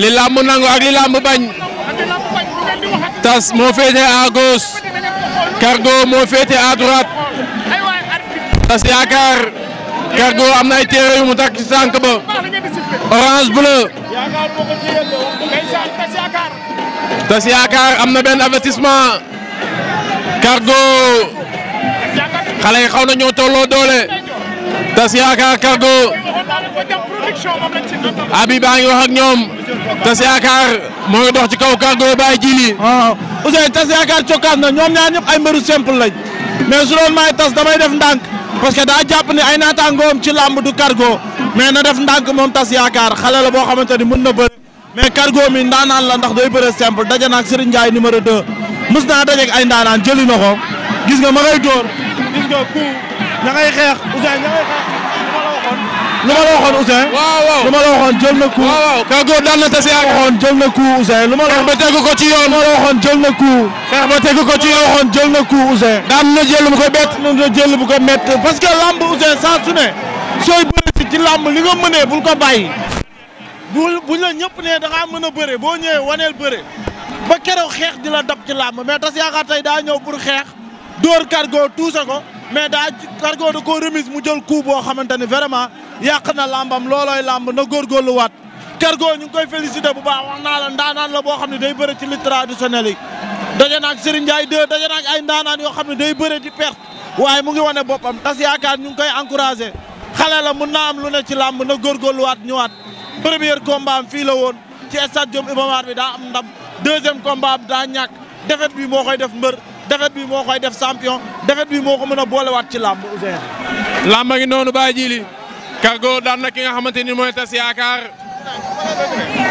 li làmb nangu ak li làmb bañ tas moo féete à gauche cargo moo féete à droite tas yaakaar cargo am na ay téere yu mu takk ci tànk ba orange bleu tas yaakaar am na benn avertissement cargo xale yi xaw na ñoo tolloo doole tas yaakaar cargo abi baa ngi wax ak ñoom Tass Yakar moo ngi dox ci kaw Cargo Baye Djili. waaw ah, Ousseyn Tass Yakar cokkaas na ñoom ñaar ñëpp ay mbëru simple lañ mais su doon may tas damay def ndànk parce que daa jàpp ni ay naataangoom ci làmb du Cargo mais na def ndànk moom Tass Yakar xale la boo xamante ni mën na bëri mais Cargo mi ndaanaan la ndax doy bëre simple daje naak ak Serigne Ndiaye numéro 2 mës naa daje ay ndaanaan jëli na ko gis nga ma ngay dóor xeex. lu ma la waxoon Ousseyn. waaw lu ma la waxoon jël na ku. waaw Kago daan na tase waxoon jël na ku Ousseyn la. xeex ba tegu ko ci yoon. jël na ku. xeex ba ko ci jël na ku ko bett. daan na jël bu ko mett parce que lamb Ousseyn saa su ne. sooy bëri ci lamb li nga mënee bul ko bàyyi. bu buñ la ñëpp ne da ngaa mën a bëre boo ñëwee waneel bëre. ba keroog xeex di la dab ci lamb mais tas yaakaar tey daa ñëw pour xeex. dóor Cargo tuuse ko mais daa Cargo da koo remise mu jël coup boo xamante ni vraiment yàq na làmbam loolooy làmb na góorgóorluwaat Cargo ñu ngi koy félicité bu baax wax naa la ndaanaan la boo xam ne day bëre ci lutte traditionnelle yi daje naag Serigne Ndiaye 2 daje naag ay ndaanaan yoo xam ne day bëre di perte waaye mu ngi wane boppam tas yaakaar ñu ngi koy encouragé xale la mun naa am lu ne ci làmb na góorgóorluwaat ñëwaat premier combat am fii la woon ci stade Iba Mar bi daa am ndam deuxième combat am daa ñàkk défaite bi moo koy def mbër défaite bii moo koy def champion défaite bi moo ko mën a boolewaat ci làmb Ousseyn. làmb ngi noonu bàyyi jiili Cargo daan na ki nga xamante ni mooy tas yaakaar